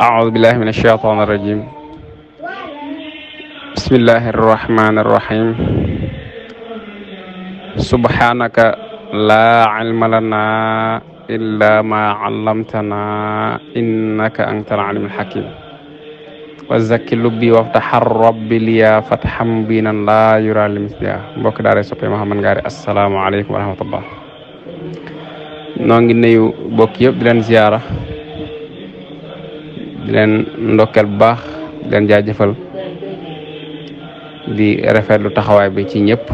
أعوذ بالله من الشيطان الرجيم بسم الله الرحمن الرحيم سبحانك لا علم لنا إلا ما علمتنا إنك أنت العلم الحكيم وزكي لبي وافتح الرب لي فتحا مبينا لا يرى لمثلها mbokk داري سبحانه محمد غاري السلام عليكم ورحمة الله نوانجي نيو nuyu mbokk yëpp di ndokkeel bu baax di leen jaajëfal di rafetlu taxawaay bi ci ñépp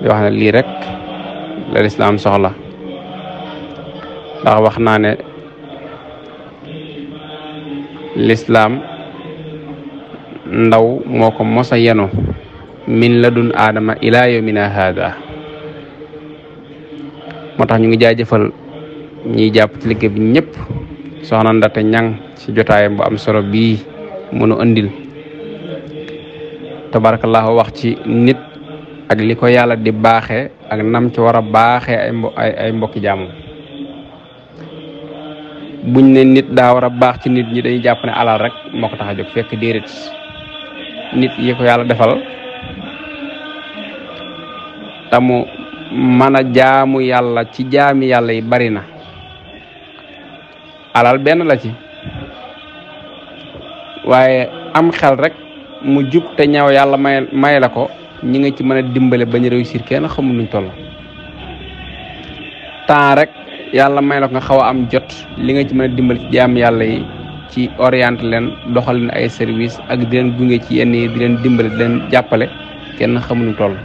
di wax ne lii rek la lislaam soxla ndax wax naa ne lislaam ndaw moo ko mos a yenu min ladun aadama ila yawmina haada moo tax ñu ngi jaajëfal ñiy jàpp ci liggéey bi ñépp soxna Ndate Ñang ci jotaayam bu am solo bii mënu andil tabarakallahu wax ci nit ak li ko yàlla di baaxee ak nam ci war a baaxee ay ay ay buñ ne nit daa war a baax ci nit ñi dañuy jàpp ne alal rek moo ko tax a jóg fekk déedéet nit yi yàlla defal tamu mën a jaamu yàlla ci jaami yàlla yi bari na alal ben la ci waye am xel rek mu jup te ñaw yalla may may la ko ñi nga ci mëna dimbalé dimbale bañ réussir kenn xamu ñu toll ta rek yalla may la ko nga xawa am jot li nga ci mëna dimbal ci jaam yalla yi ci orienter len doxal len ay service ak di len gungé ci yenn yi di len dimbalé di leen jàppale kenn xamu ñu toll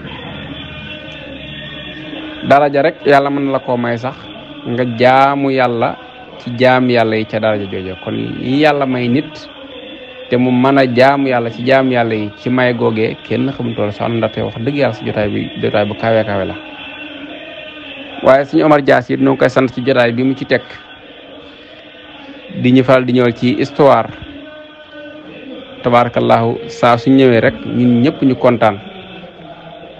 ja rek yalla mëna la ko may sax nga jaamu yalla ci jaam yàlla yi ca daraja joojo kon yàlla may nit te mu mën a jaamu yàlla ci jaam yàlla yi ci may googee kenn xamutool sax ndaxte wax dëgg yàlla si jotaay bi jotaay bu kawe kawe la waaye suñu Omar Dias it noo koy sant ci jotaay bi mu ci teg di ñu faral di ñëwal ci histoire tabaarakallaahu saa su ñëwee rek ñun ñëpp ñu kontaan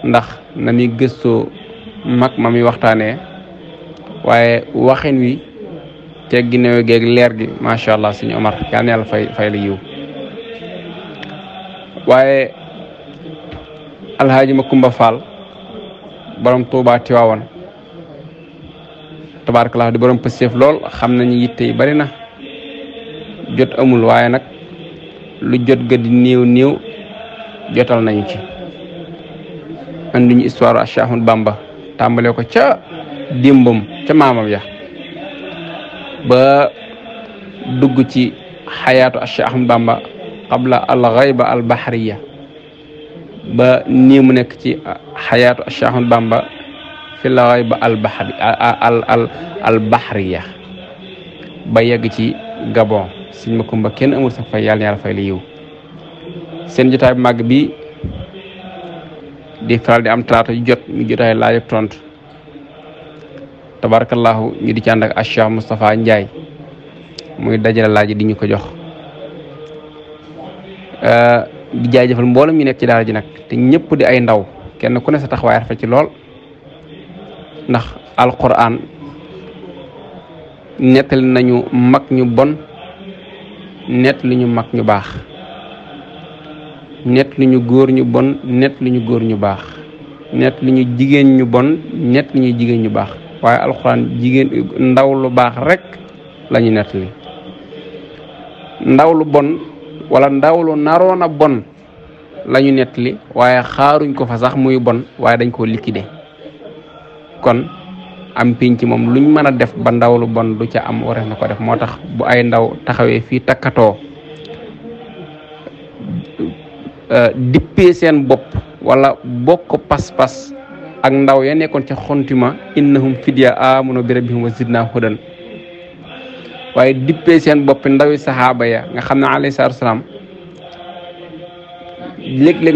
ndax na muy gëstoo mag ma muy waxtaanee waaye waxin wi teggi néew geeg leer gi macha allah suñu Omar yal na fay fay la yiw waaye alhaaji Makumba Fall borom Tuubaa Tiwaawan tabaarkalla di borom pësteef lool xam nañu yitte yi bari na jot amul waaye nag lu jot ga di niiw néew jotal nañu ci anduñu histoire Cheikh Ahmadou Bamba tàmbale ko ca démbam ca maamam ya ba dugg ci hayatu Cheikh Ahmad Bamba qabla al ghaiba al bahriya ba ni mu nek ci hayatu Cheikh Ahmad Bamba fi al ghaiba al bahri al al al bahriya ba yegg ci Gabon sëñ Makumba ken amul sax fay yalla yalla fay li yow seen jotaay mag bi di faral di am talaata jot mi jotaay laaj tontu tabarakallahu ñu di ci ànd ak Cheikh Moustapha Ndiaye muy dajale laaj di ñu ko jox eh, di jaajëfal mboolem ñu nekk ci daal ji nag te ñëpp di ay ndaw kenn ku ne sa taxawaay rafet ci lool ndax alquran nettali nañu mag ñu bon nett lu ñu mag ñu baax nett lu ñu góor ñu bon nett lu ñu góor ñu baax nett lu jigéen ñu bon nett lu ñu jigéen ñu baax waye alquran jigen ndaw lu bax rek la netti ndaw lu bon wala ndaw lu naroon bon la netti waye xaruñ ko fa sax muy bon waye dañ ko liquider kon am pinc mom luñ mëna def ba ndaw lu bon du ca am waré na def motax bu ay ndaw fi takato euh dippé sen bop wala bokk pas-pas ak ndaw ya nekkoon ca xontuma innahum fidya amono bi rabbihim wa zidna hudan waaye dippee seen boppi ndawi saxaaba ya nga xam ne alayhi salaatu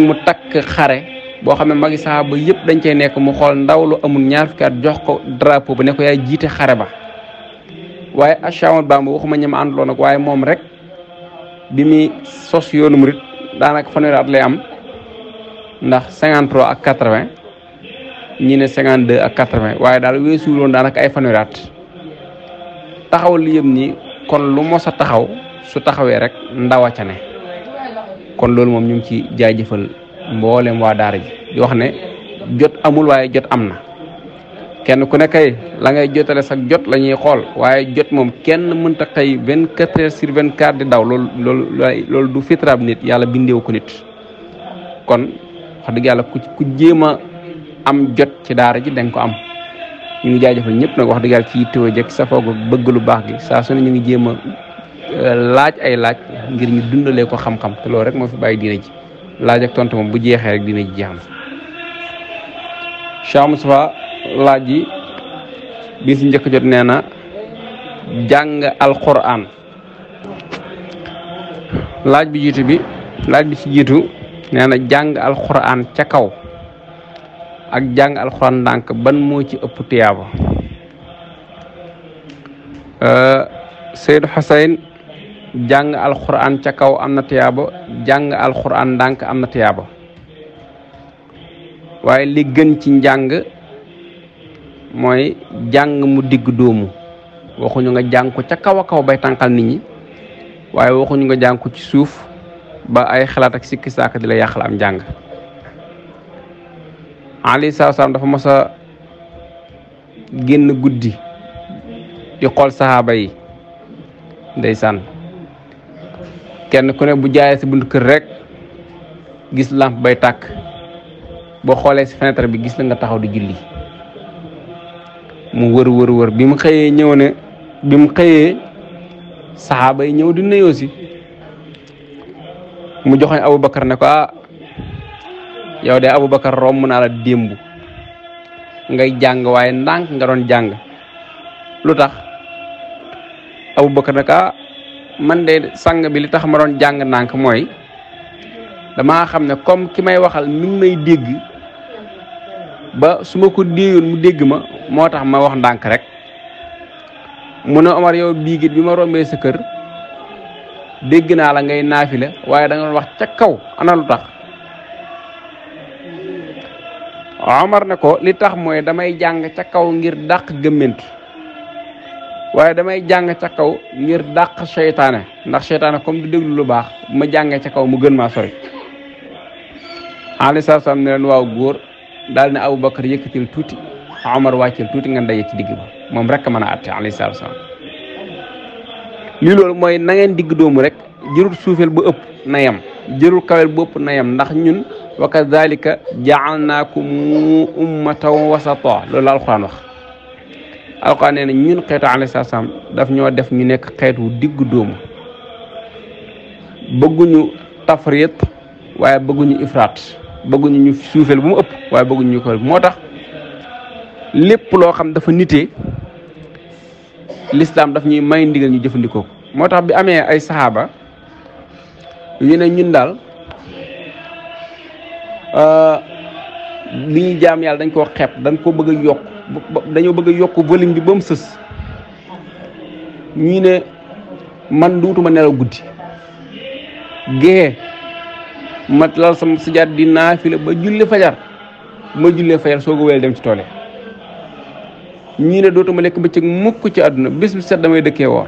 mu takk xare boo xam ne magi saxaaba yëpp dañ cey nekk mu xool ndaw lu amul ñaar fukki jox ko drapeau ba ne ko jiite xare ba waaye Ahmadu Bamba waxuma ñi ma àndaloon ak waaye moom rek bi muy sos yoonu murit daanaka fanweeri at lay am ndax cinquante ak quatre-vingt ñi ne cinquante deux ak quatre vingt waaye daal weesu loon daanaka ay fanweeri at taxaw li yëm nii kon lu mos a taxaw su taxawee rek ndawa ca ne kon loolu moom ñu ngi ci jaajëfal mboolem waa daara ji di wax ne jot amul waaye jot am na kenn ku ne kay la ngay jotale sax jot la ñuy xool waaye jot moom kenn mënta xëy vingt quatre heures sur vingt quatre di daw lool loolu loolu du fitraab nit yàlla bindeewu ko nit kon wax dëgg yàlla ku ku am jot ci daara ji danga ko am ñu ngi jaajëfal ñëpp nag wax dëgg yàlla ci yittewoo jekk sa foog bëgg lu baax gi saa su ne ñu ngi jéem a euh, laaj ay laaj ngir ñu dundalee ko xam-xam te loolu rek moo fi bàyyi diina ji laaj ak tontu moom bu jeexee rek diina ji jeex Cheikh Moustapha laaj yi bi si njëkk jot nee na jàng alquran laaj bi jiitu bi laaj bi ci jiitu nee na jàng alquran ca kaw ak jang alquran dank ban mo ci ëpp euh Seydou hussein jang alquran ca kaw amna tiyaba jang alquran dank amna tiyaba waye li gën ci jang moy jang mu digg waxu ñu nga jang ko ca kaw kaw bay tankal nit ñi waxu ñu nga jang ko ci suuf ba ay xalaat ak sikki saaka dila la am Ali salaam dafa mos genn guddii di xol sahaba yi ndeysaan kenn ku ne bu jaaree si buntu kër rek gis lamp bay tàkk bo xoolee si fenêtre bi gis la nga taxaw di julli mu wër wër wër bi mu xëyee ñëw ne bi mu xëyee yi ñëw di nuyoo si mu joxoñ ne ko ah yow de Aboubacar romb naa la démb ngay jàng waaye ndànk nga doon jàng lu tax Aboubacar nag ah man de sang bi li tax ma doon jàng ndànk mooy dama xam ne comme ki may waxal mi may dégg ba suma ma ko déeyoon mu dégg ma moo tax ma wax ndànk rek mu ne Omar yow bii git bi ma rombee sa kër dégg naa la ngay naafi la waaye da nga wax ca kaw ana lu tax. Omar ne ko li tax mooy damay jàng ca kaw ngir dàq gëmment waaye damay jàng ca kaw ngir dàq seytaane ndax seytaane comme du déglu lu baax ma jàng ca kaw mu gën maa sori alei satu salaam waaw góor daal ne Aboubacar yëkkatil tuuti Omar wàccil tuuti ngeen daje ci digg ba moom rek mën a at alei satu salaam lii loolu mooy na ngeen doomu rek jërut suufel bu ëpp na yem jërul kawel bopp na yem ndax ñun wa kadalika jaalnaakum ummatan wasata loolu la alquran wax alquran nee na ñun xeetu alayhi salaam daf ñoo def ñu nekk xeetu diggu dóomu bëgguñu tafrit waaye bëgguñu ifraat bëgguñu ñu suufel bu mu ëpp waaye bëgguñu ñu ko moo tax lépp loo xam dafa nitee lislaam daf ñuy may ndigal ñu jëfandikoo moo tax bi amee ay saxaaba ñu ne ñun daal euh, li jaam yàlla dañ koo xeeb dañ koo bëgg a yokk dañoo bëgg a yokk volume bi ba mu sës ñu ne man duutuma nelaw guddi géexe mat lal sama sijaat di naafila ba julli fajar ma jullee fajar soo ko wéyal dem ci toole ñii ne dootuma lekk bëccëg mukk ci àdduna bis bi set damay dëkkee woor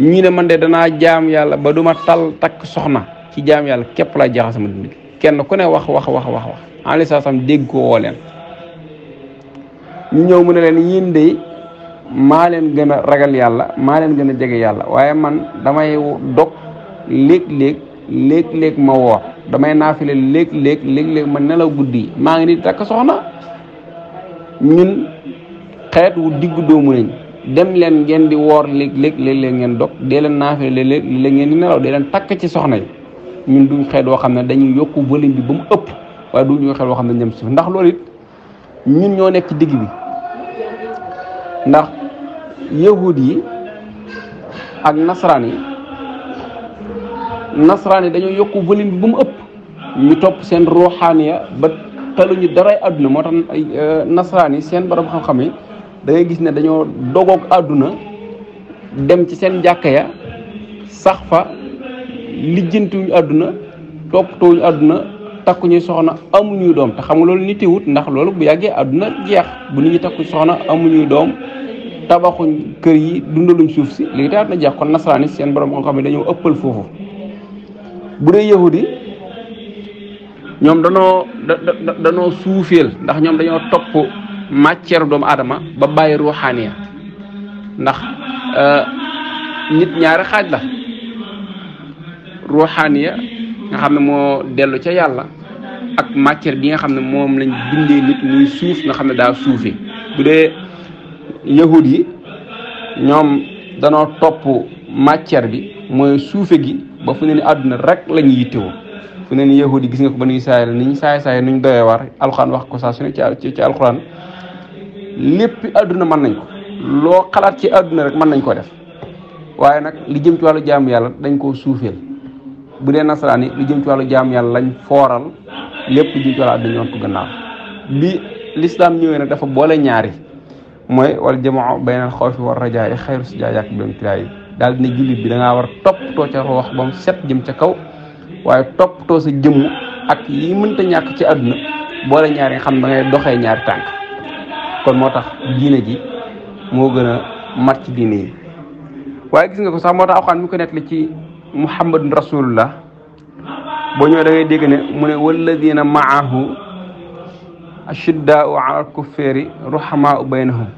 ñii ne man de danaa jaam yàlla ba du ma tal takk soxna ci jaam yàlla képp laa jeexal sama dund kenn ku ne wax wax wax wax wax alayhi salaam dégg ko woo leen ñu ñëw mu ne leen yéen de maa leen gën a ragal yàlla maa leen gën a jege yàlla waaye man damay dog léeg-léeg léeg-léeg ma woor damay naafile léeg-léeg léeg-léeg ma nelaw guddi maa ngi nii takk soxna ñun xeet wu diggu doomu nañ dem leen ngeen di woor léeg-léeg léeg-léeg ngeen dog dee leen naafee léeg-léeg léeg-léeg ngeen di nelaw dee leen takk ci soxna yi ñun duñ xeet woo xam ne dañuy yokku volume bi ba mu ëpp waaye duñu xeet woo xam ne ñam suuf ndax loolu it ñun ñoo nekk digg bi ndax yahud yi ak nasaraan yi nasaraan yi dañoo yokku volume bi mu ëpp ñu topp seen ruuxaaniya ba taluñu daray àdduna moo tax euh, nasaraan yi seen borom xam-xam yi da ngay gis ne dañoo dogoog àdduna dem ci seen jàkka ya sax fa lijjantiwuñu àdduna toppatoowuñu àdduna ñuy soxna amuñu doom te xam nga loolu nitiwut wut ndax loolu bu yàggee àdduna jeex bu nit ñi takku soxna amuñu doom tabaxuñ kër yi dundaluñ suuf si léegi te na jeex kon nasaraani seen borom xam-xam yi dañoo ëppal foofu bu dee yahudi ñoom danoo danoo suufeel ndax ñoom dañoo topp matière doom adama ba bàyyi ruhaniya ndax euh, nit ñaari xaj la ruhaniya nga xamne mo delu ci yalla ak matière bi nga xamne mom lañ bindé nit muy suuf nga xamne da daa budé bu ñom dañu top matière bi moy suufe gi ba fu ne aduna rek lañ ñu wu fu ne ni gis nga ko ba saay saay saay nu ñu war wax ko sa suñu ci lépp àdduna mën nañ ko loo xalaat ci àdduna rek mën nañ koo def waaye nag li jëm ci wàllu yàlla dañ koo suufeel bu dee nasaraan yi lu jëm ci wàllu jaamu yàlla lañ fooral lépp lu jëm ci wàllu àdduna ñoon ko gannaaw bi lislaam ñëwee nag dafa boole ñaari mooy wal jamaa baynal xawfi war a yi xayru si jaajaak bi tilaay yi daal dina jullit bi da war a toppatoo ca roox ba set jëm ca kaw waaye toppatoo sa jëm ak yi mënta ñàkk ci àdduna boole ñaari nga xam da ngay doxee ñaari tànk kon motax tax diine ji mo gën mat ci diine yi waaye gis nga ko sax motax xam alxuraan ko nettali ci muhammad rasulullah bo ñoo da ngay deg ne mu ne walladina maahu ashidda'u ala al-kuffari ruhamaau baynahum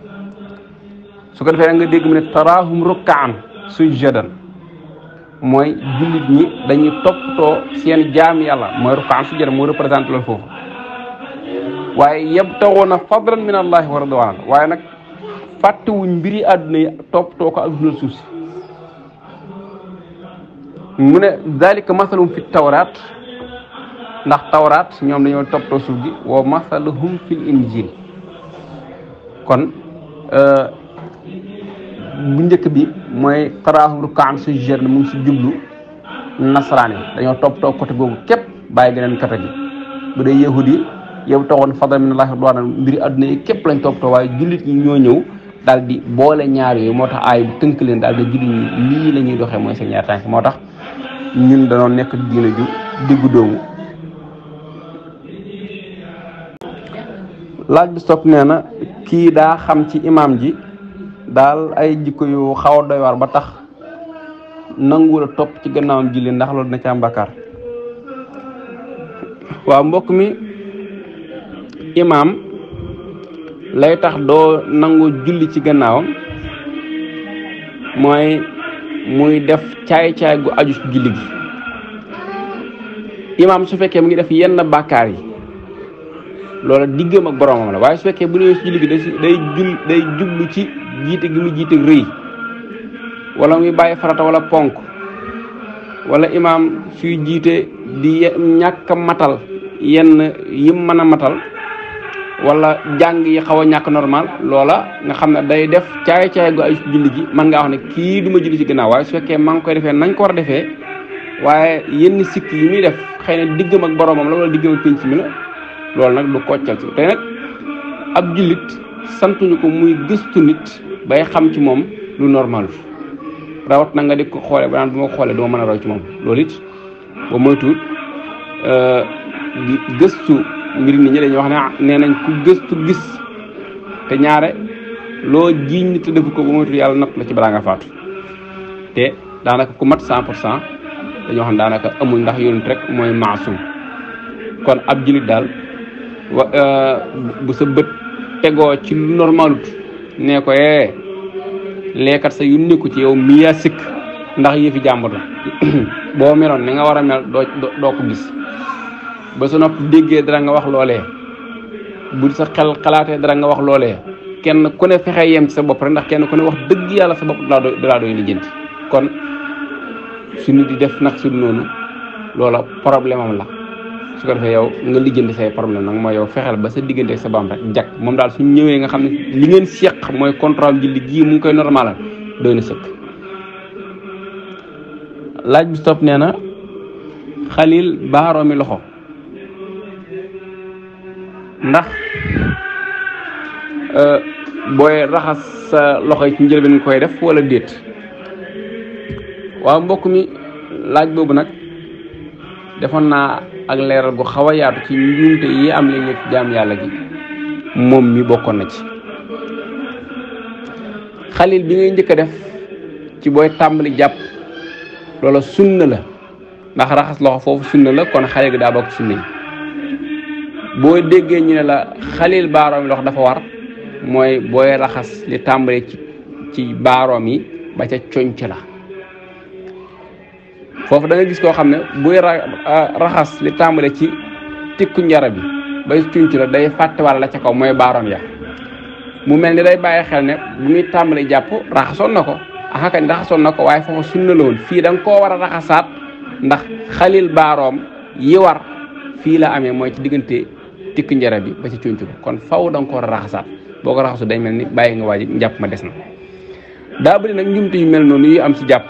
su ko defee nga deg mu ne tarahum ruk'an sujadan moy jullit ñi dañuy toppatoo seen jaam yalla moy ruk'an sujadan mo représenté lo fofu waaye yabtaxuuna fadlan min allahi wa ridwaana waaye nag fàttewuñ mbiri àdduna yi toppatoo ko ak dundal si mu ne dalika masalum fi tawraat ndax tawraat ñoom dañoo toppatoo suuf gi wa masaluhum fi injil kon euh, bu njëkk bi mooy taraahum rukaan sujjadan mu ngi si jublu nasaraan yi dañoo toppatoo côté boobu képp bàyyi geneen côté bi bu dee yahudi yow taxoon fadlan minallaahi ridwaanan mbiri àdduna yi képp lañ topp too waaye jullit ñi ñoo ñëw dal di boole ñaar yooyu moo tax aay bu tënk leen daal di jullit ñi mooy seen ñaar moo tax ñun danoo nekk diina ju diggu doomu laaj bi stop nee na kii daa xam ci imaam ji daal ay jikko yu xaw a doy ba tax nangu la topp ci gannaawam julli ndax loolu dina ci am bakkaar mbokk mi Imam, lay tax nango nangu julli ci gannaaw moy muy def chay chay gu aju julli gi imam su fekke mu ngi def yenn bàkkaar yi lola diggam ak boromam la waaye su fekke bu ñu ci julli gi day jull day jublu ci jite gi mu jite reuy wala muy baye farata wala ponk wala imam suy di ñaka matal yenn yim matal wala njàng yi xaw a ñàkk normal loola nga xam ne day def caay-caay gu ay julli gi man nga xam ne kii du ma julli ci ginnaaw waaye su fekkee maa ngi koy defee nañ ko war a defee waaye yenn sikk yi muy def xëy na diggam ak boromam la wala diggam ak pénc mi la loolu nag lu koccal ci te nag ab santuñu ko muy gëstu nit bay xam ci moom lu normal rawat na nga di ko xoole ba naan bu ma xoolee duma mën a roy ci moom lool it ba moytuwut euh, gëstu ngir nit ñi dañuy wax na ah nañ ku gëstu gis té ñaare lo jiñ nit te ko bu mu yalla natt la ci balaa nga faatu te daanaka ku mat 100% pour cent dañoo xam daanaka amul ndax yoonu rek moy maasum kon ab jilit dal wa euh, bu sa bët tegoo ci normalut nee ko ee eh, leekat sa yu ci yow mi ndax yëfi jambatu bo meron ni nga wara mel do ko gis ba sa nopp déggee dara nga wax loolee bu sa xel xalaatee dara nga wax loolee kenn ku ne fexe yem ci sa bopp rek ndax kenn ku ne wax dëgg yàlla sa bopp dalaa doy dalaa doy kon suñu di def nag suñu noonu loola problème am la su ko defee yow nga lijjanti say problème nag mooy yow fexeel ba sa diggante sa bam rek jag moom daal suñu ñëwee nga xam ne li ngeen seq mooy contrat julli gii mu ngi koy normalal doy na sëkk laaj bi stop nee na xalil baaroomi loxo ndax euh, booy raxas sa loxo yi ci njëlbeen nga koy def walla déet waaw mbokk mi laaj boobu nag defoon naa ak leeral gu xaw a yaatu ci njuumte yi am léeg-léeg jaam yàlla gi moom mi bokkoon na ci xalil bi ngay njëkk a def ci booy tàmbali jàpp loola sunna la ndax raxas loxo foofu sunna la kon xale gi daa bokk sunna yi boo déggee ñu la xalil baaroom yi dafa war mooy booy raxas li tàmbale ci ci baaroom yi ba ca conc la foofu da gis koo xam ne buy raxas li tàmbale ci tikku njara bi ba conc la day fàtte la ca kaw mooy baaroom ya mu mel ni day bàyyi xel ne bu muy tàmbali jàpp raxasoon na ko a ah, axakañ raxasoon na ko waaye foofa sunna la fii da koo war a raxasaat ndax xalil baaroom yi war fii la amee mooy ci diggante tikk njara bi ba ci cuñcu bi kon faw da nga ko war a raxasaat boo ko raxasu day mel ni bàyyi nga waa ji njàpp ma des na daa bëri nag njumte yu mel noonu yu am ci jàpp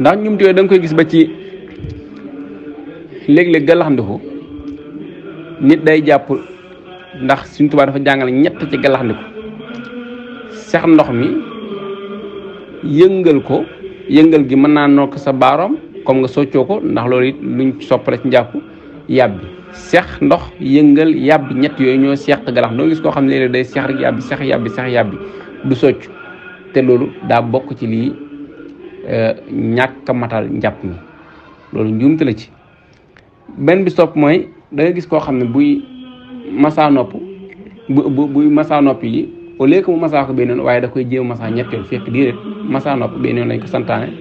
ndax njumte yooyu da koy gis ba ci léeg-léeg galaxandiku nit day jàpp ndax suñ tubaab dafa jàngale ñett ci galaxandiku sex ndox mi yëngal ko yëngal gi mën naa nokk sa baaroom comme nga soccoo ko ndax loolu it luñ soppale ci njàpp yàbbi seex ndox yëngal yàbbi ñett yooyu ñoo seex galax doo gis koo xam ne léeg day seex rek yàbbi seex yàbbi seex yàbbi du socc te loolu daa bokk ci lii euh, ñàkk a matal njàpp mi loolu njuumte la ci benn bi sopp mooy da gis koo xam ne buy masaa nopp buy masaa nopp yi au masaa ko benn yoon waaye da koy jéem masaa ñett yoon fekk déedéet masaa nopp benn ko santaane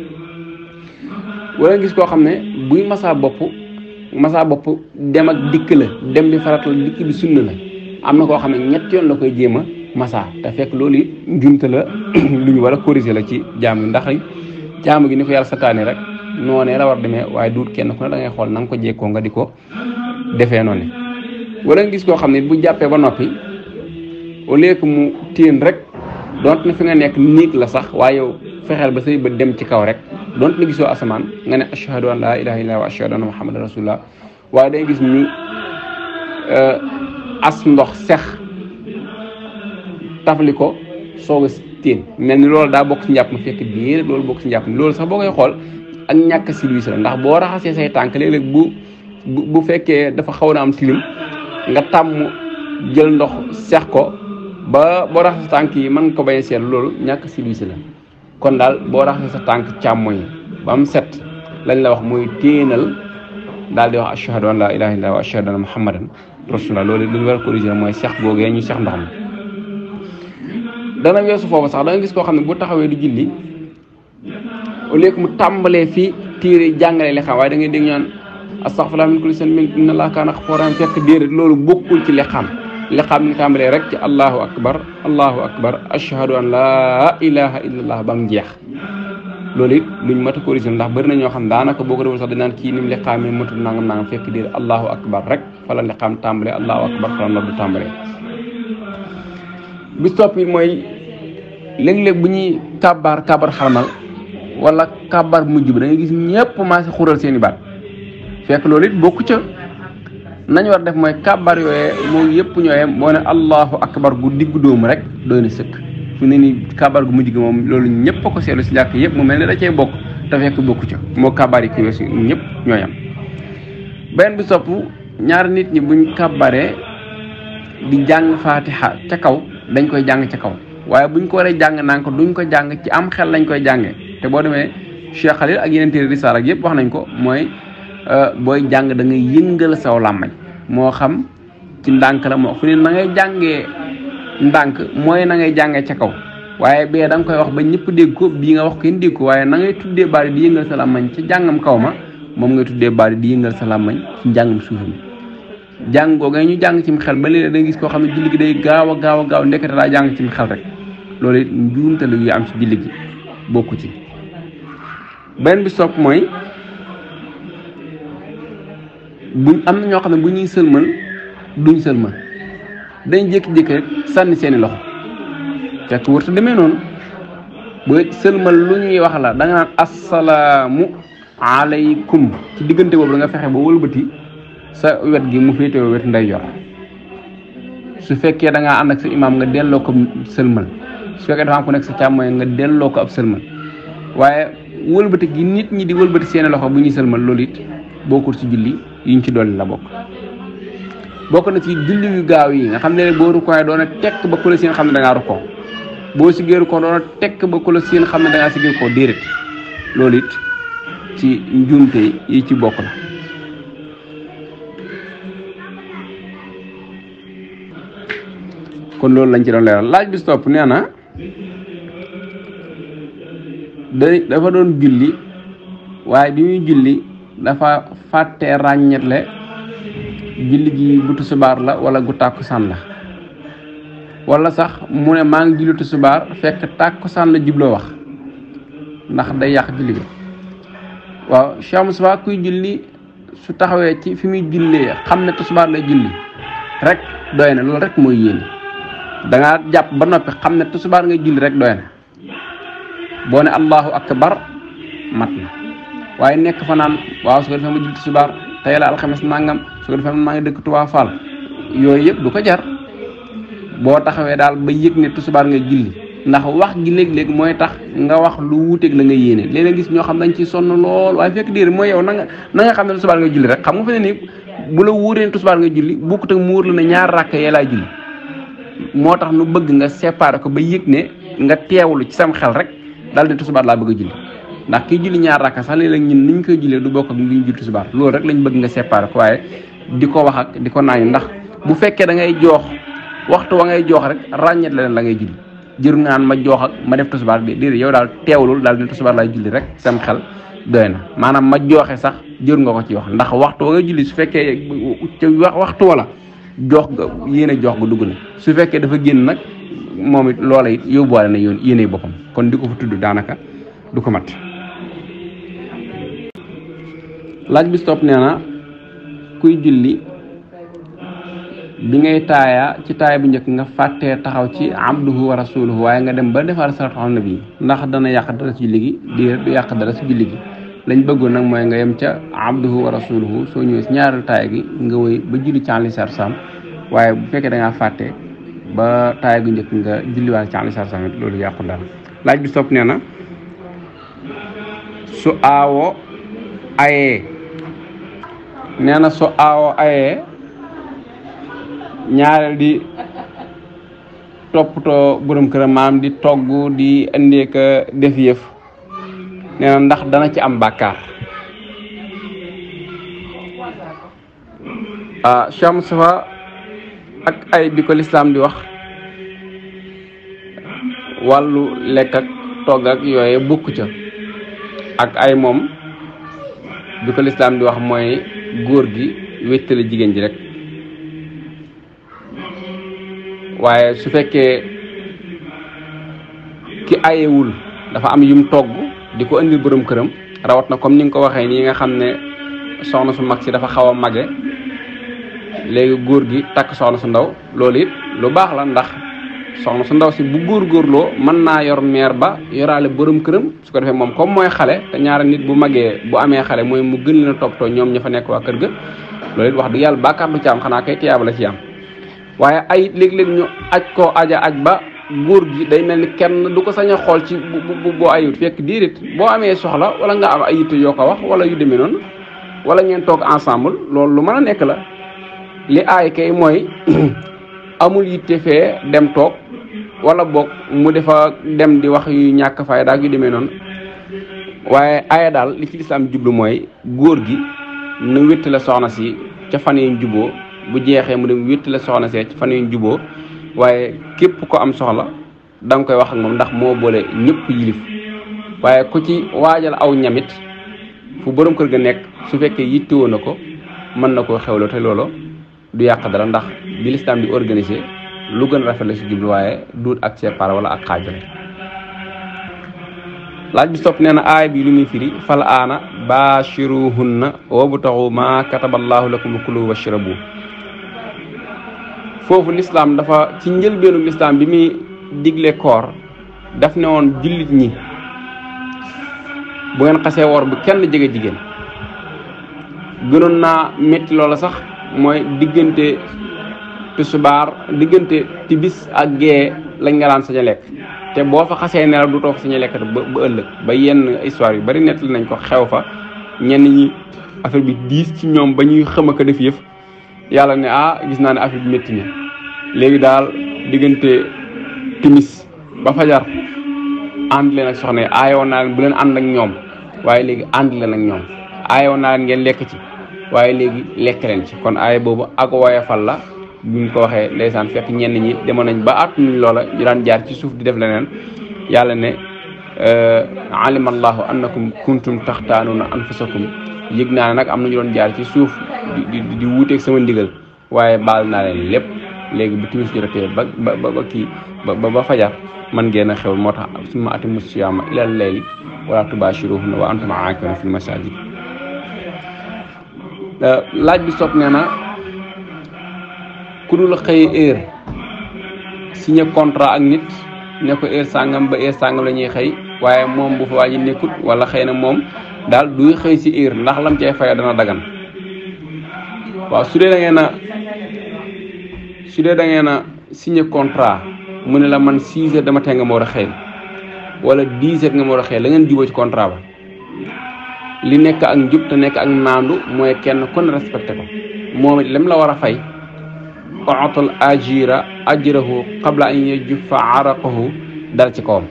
gis koo xam ne buy masaa bopp masaa bopp dem dikk la dem bi farat la dikk bi sunna la am na koo xam ne ñett yoon la koy jéem a masaa te fekk loolu it la lu ñu war a corriger la ci jaam yi ndax jaamu gi ni ko yàlla santaane rek noonee la war demee waaye duut kenn ku ne da ngay xool na ko jekkoo nga di ko defee noonu wala nga gis koo xam ne bu jàppee ba noppi o lieu mu téen rek donte ne fi nga nekk niig la sax waaye fexel ba say ba dem ci kaw rek donte la gisoo asamaan nga ne ashhadu an laa ilaha illa wa ashhadu anna muhammadan rasulullah waaye day gis ni euh, as ndox sex tafli ko soog a tiin mel ni loolu daa bokk ci njàpp ma fekk biir loolu bokk ci njàpp mi loolu sax boo koy ak ñàkk la ndax boo raxasee say tànk léeg-léeg bu bu fekkee dafa xaw na am tilim nga tàmm jël ndox sex ko ba boo raxas tànk yi mën nga ko bañ a loolu ñàkk la kon daal boo rax raxasee sa tànk càmmoñ ba mu set lañ la wax muy téenal daal di wax ashhadu an laa ilaaha illallaah wa ashhadu anna muhammadan rasulullah loolu lu ñu war a corriger mooy seex googu ñu seex ndox mi dana weesu foofu sax da nga gis koo xam ne bu taxawee du julli au lieu que mu tàmbalee fii téere jàngale li xam waaye da ngay dégg ñaan astaghfirullah min kulli shay'in inna llaaha kaana ghafooran fekk déedéet loolu bokkul ci li xam liqaam ni tàmbalee rek ci allahu akbar allahu akbar ashhadu an laa ilaha illallah ba mu jeex loolu it luñ mat a corrigé ndax bëri na ñoo xam daanaka boo ko defoon sax dañ naan kii ni mu liqaamee na nangam nangam fekk diir allahu akbar rek fa la liqaam tàmbalee allahu akbar fa la noddu tàmbalee bis topp mooy léeg-léeg bu ñuy kàbbaar kàbbar xarmal wala kàbbar mujj bi da gis ñëpp maase xural seen baat nañ war def mooy kàbbar yooyee mo yëpp ñooyee mo ne allahu akbar gu diggu doom rek doy na sëkk fu ne ni kabar gu mu digg mom loolu ñëpp ko seetlu ci jàkk yëpp mu melni da cey bok ta fekk bokku ci mo kàbbar yi yoss weesu ñëpp ñooyam ben bi sopu ñaar nit ñi buñ kabaré di jang fatiha ca kaw dañ koy jang ca kaw waye buñ ko wara jang naan ko duñ ko jang ci am xel lañ koy jangé te bo demee Cheikh Khalil ak yenen téere risaal ak yëpp wax nañ ko mooy euh, boy jang da ngay yëngal saw lamay moo xam ci ndànk la moo fu ne na ngay jàngee ndànk mooy na ngay jàngee ca kaw waaye bee danga koy wax ba ñëpp dégg ko bii nga wax kenn yéen dégg ko waaye na ngay tuddee baat di yëngal sa làmmañ ci jàngam kaw ma moom ngay tuddee baat di yëngal sa làmbañ ci njàngam suuf mi jàng googa ñu jàng mu xel ba léeg-léeg gis koo xam ne julli gi day gaaw a gaaw a gaaw ndekete daa jàng cim xel rek loolu it njuumte yu am ci julli gi bokku ci benn bi sopp mooy bu am na ñoo xam ne bu ñuy sëlmal duñ sëlmal dañ jékki-jékki rek sànni seeni loxo fekk wërta demee noonu bu sëlmal lu ñuy wax la da nga naan assalaamu aleykum ci diggante boobu da nga fexe ba wëlbati sa wet gi mu féetewoo wet ndeyjoor su fekkee da ngaa ànd ak sa imaam nga delloo ko sëlmal su fekkee dafa am ku nekk sa càmmoñ nga delloo ko ab sëlmal waaye wëlbati gi nit ñi di wëlbati seeni loxo bu ñuy sëlmal loolu it bokkul ci julli yuñ ci dolli la bokk bokk na ci julli yu gaaw yi nga xam ne boo rukkooyee doona tekk ba kula seen xam ne da ngaa rukkoo boo siggee rukkoo tek tekk ba kula seen xam ne da ngaa ko déedéet loolu it ci njuumte yi ci bokk la kon loolu lañ ci doon leeral laaj bi stop nee na da dafa doon julli waaye bi muy julli dafa fàtte le, julli gi bu subar la wala gu tàkkusaan la wala sax mune ma maa ngi julli subar fekk tàkkusaan la jubloo wax ndax day yak julli ga waaw Cheikh Moustapha kuy julli su taxawé ci fimi muy jullee xam subar lay julli rek doyna na rek moy yéene da nga japp ba nopi xam ne subar ngay julli rek doyna na ne allahu akbar matna waye nek fa nan waaw su ko defee ma julli la alxames nangam su ko defee man ngi dëkk tuwa Fall yoy yëpp du ko jar bo taxawé dal ba yëg ne nga julli ndax wax gi leg leg moy tax nga wax lu wuuteeg la nga yéene léeg gis ño xam nañ ci son lool waaye fekk dir moy yow na nga xam na tisbaar nga julli rek xam nga fa ni bu la wuré nga julli ko tak mur la ñaar rak ya la julli motax nu bëgg nga séparer ko ba yëg ne nga téwlu ci sam xel rek daal ne tisbaar la bëgg ndax ki julli ñaar rakka sax leen ñin niñ koy julle du bok ak ñu julli subar lool rek lañ bëgg nga séparé ko waye diko wax ak diko nañ ndax bu fekke da ngay jox waxtu wa ngay jox rek rañet leen la ngay julli jër ngaan ma jox ak ma def tisbaar bi déedéet yow daal teewlul daal ne tisbaar lay julli rek sam xel doyna manam ma joxe sax jër nga ko ci wax ndax waxtu wa ngay julli su fekkee ca waxtu wala jox ga yene jox ga dugul su fekke dafa genn nak momit lolay loola it yóbbuwaale na yene bopam kon diko fa tuddu danaka duko mat laaj bi stop neena kuy julli bi ngay taaya ci taaya bu ñëk nga fàttee taxaw ci abduhu wa rasuluhu waaye nga dem ba defar salaatu ala nabi ndax dana yàq dara ci julli gi di du yàq dara ci julli gi lañ bëggoon nag mooy nga yem ca abduhu wa rasuluhu soo ñëwee si ñaareelu taaya gi nga woy ba julli ci alayhi salaatu salaam waaye bu fekkee da ngaa fàtte ba taaya gu njëkk nga julliwaat ci alayhi salaam loolu yàqu dara laaj bi stop neena su aawoo Aye, nee so su aawo ayee ñaareel di toppatoo borom këram maam di togg di andé ka def yef nee ndax dana ci am bakkar a Cheikh Moustapha ak ay bi l'islam di wax walu lek ak togg ak yoyé bukk ca ak ay mom bi ko lislaam di wax mooy góor gi wéttale jigéen ji rek waaye su fekkee ki ayewul dafa am yum togg di ko indil borom këram rawat na comme ni nga ko waxee nii nga xam ne soxna su mag si dafa xaw a mage léegi góor gi takk soxna su ndaw loolu it lu baax la ndax soxna su ndaw si bu gur mën naa yor meer ba yoraale borom këram su ko defee moom comme mooy xale te ñaara nit bu magee bu amee xale mooy mu gën leen a to ñoom ña fa nekk waa kër ga loolu wax dëgg yàlla bàkkaar du ci am xanaa kay tiyaaba la ci am waaye ay léeg-léeg ñu aj koo aja aj ba góor gi day mel ni kenn du ko sañ a ci bu boo ayut fekk diirit boo amee soxla wala nga am ay yitte yoo ko wax wala yu demee noonu wala ngeen toog ensemble loolu lu mën a la li aay kay mooy amul yitte fee dem toog wala boog mu defa dem di wax yu ñàkk fay ak yu demee noonu waaye aya daal li ci lislaam jublu mooy góor gi nu wétti la soxna si ca fan yu juboo bu jeexee mu dem wétti la soxna see ca fan yu juboo waaye képp ko am soxla danga koy wax moom ndax moo boole ñëpp yilif waaye ku ci waajal aw ñamit fu borom kër ga nekk su fekkee yittewoo na ko mën na koo xewloo te loolo du yàq dara ndax bi lislaam di organisé lu gën rafet la si jublu waaye duut ak séparé wala ak xaajale laaj bi sopp nee na aay lu muy firi fal aana baashiruhunna wabtaxu ma kataballaahu lakum kulu washrabu foofu lislaam dafa ci njëlbeenu lislaam bi muy digle koor daf ne woon jullit ñi bu ngeen xasee woor bu kenn jege jigéen gënoon naa metti loola sax mooy diggante tisbaar diggante tibis ak gee lañ nga daan sañ a lekk te boo fa xasee ne la du toog sañ a lekk ba ëllëg ba yenn histoire yu bari nettali nañ ko xew fa ñenn ñi affaire bi diis ci ñoom ba ñuy xëm ak def yëf yàlla ne ah gis naa ne affaire bi métti na léegi daal diggante timis ba fajar ànd leen ak soxna yi aayoon naa leen bu leen ànd ak ñoom waaye léegi ànd leen ak ñoom aayoon naa leen ngeen lekk ci waaye léegi lekk leen ci kon aay boobu ak woyofal la ñu ko waxee ndeysaan fekk ñenn ñi demoon nañ ba àttunuñ loola ñu daan jaar ci suuf di def leneen yàlla ne euh, alima allahu annakum na taxtaanuuna anfusakum yëg naa ne nag am na ñu doon jaar ci suuf di di wuuteeg sama ndigal waaye baal naa leen lépp léegi bu timis jotee ba ba ba kii ba ba fajar man ngeen a xew moo tax summa atimmu siyaama ilal layli wala tubaashiruhunna wa antum aakifuuna fil masaajid euh, laaj bi sopp nee na kudu la xey heure signé contrat ak nit ne ko heure sangam ba heure sàngam lañuy xey xëy waaye moom bu fa waa nekkut wala xëy na moom daal duy xëy si heure ndax lam cay fayoo dana dagan waaw su dee da ngeen a su dee da ngeen a signé contrat mu ne la man 6 heures dama tee nga ma war a xëy wala 10 heures nga ma war a xëy la ngeen juboo ci contrat ba li nekk ak njub te nekk ak maandu mooy kenn kon respecté ko moom it lam la war a fay wa ajira ajrahu qabla an yajfa araqahu dal ci kawam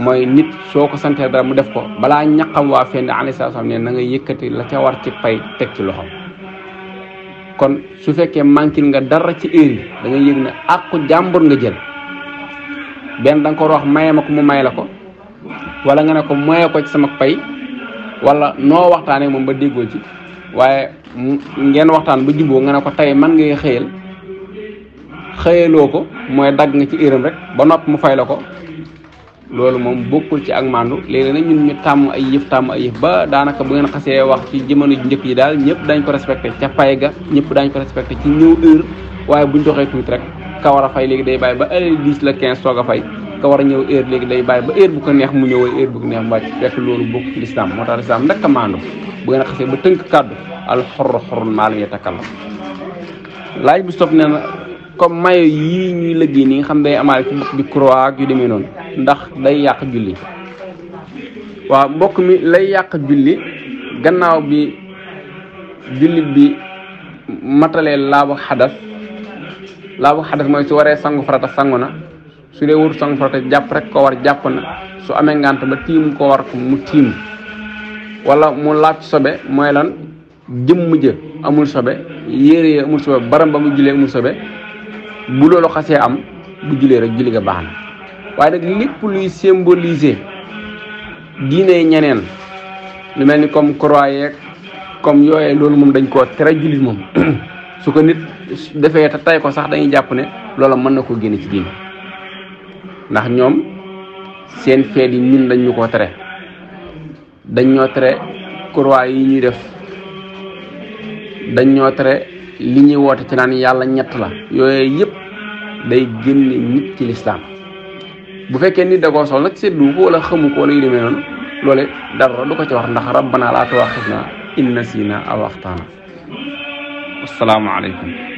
moy nit soko ko dara mu def ko wa fenn ali sallallahu alayhi wasallam ne na nga la ca war ci pay tek ci loxo kon su fekke mankil nga dara ci heure da nga yëg akku jambur nga jël ben dang ko wax mayema ko mu may la ko wala nga ne ko maye ko ci sama pay wala no waxtane mom ba deggo ci waye ngeen waxtan bu juboo nga ne ko tay man ngay xeyel xëyaloo ko mooy dagg nga ci iram rek ba nopp mu fay la ko loolu moom bokkul ci ak màndu léegi nag ñun ñu tàmm ay yëf tàmm ay yëf ba daanaka bu ngeen xasee wax ci jamono ji njëkk yi daal ñëpp dañ ko respecté ca fay ga ñëpp dañ ko respecté ci ñëw heure waaye buñ doxee tuuti rek ka war a fay léegi day bàyyi ba heure dix la quinze soog a fay ka war a ñëw heure léegi day bàyyi ba heure bu ko neex mu ñëw heure bu ko neex mu wàcc fekk loolu bokk ci lislaam moo tax lislaam ndekk màndu bu ngeen xasee ba tënk kàddu al xorr xorr maa la takkal laaj bu comme mayo yi ñuy liggéey ni nga xam day amal ci mbokk bi croix ak yu demee noonu ndax day yàq julli waaw mbokk mi lay yàq julli gannaaw bi jullit bi matalee laabu xadas laabu xadas mooy su waree sangu farata sangu na su dee wut sangu farata jàpp rek ko war jàpp na su amee ngant ba tiim ko war mu tiim wala mu laab sobe mooy lan jëmm amul sobe yére ya amul sobe baram ba mu amul sobe bu loolu xasse am bu julee rek julli ga baax na waaye nag lépp luy symboliser diine ñeneen lu melni comme croyé comme yoyé lolu mum dañ ko tere jullit mum su ko nit defee ta tay ko sax dañuy japp ne lolu mën nako ko ci diine ndax ñom seen fée di ñun dañ ñuko koo dañ ñoo tere croix yi ñuy def dañ ñoo tere li ñuy woote ci naan yalla ñett la yooyee day génne nit ci bu fekkee ni da koo sol nag seetlu ko wala xamu ko wala yu demee noonu loole dara du ko ci wax ndax rabbana laa tuwaxis na in nasina aw axtaana asalaamaaleykum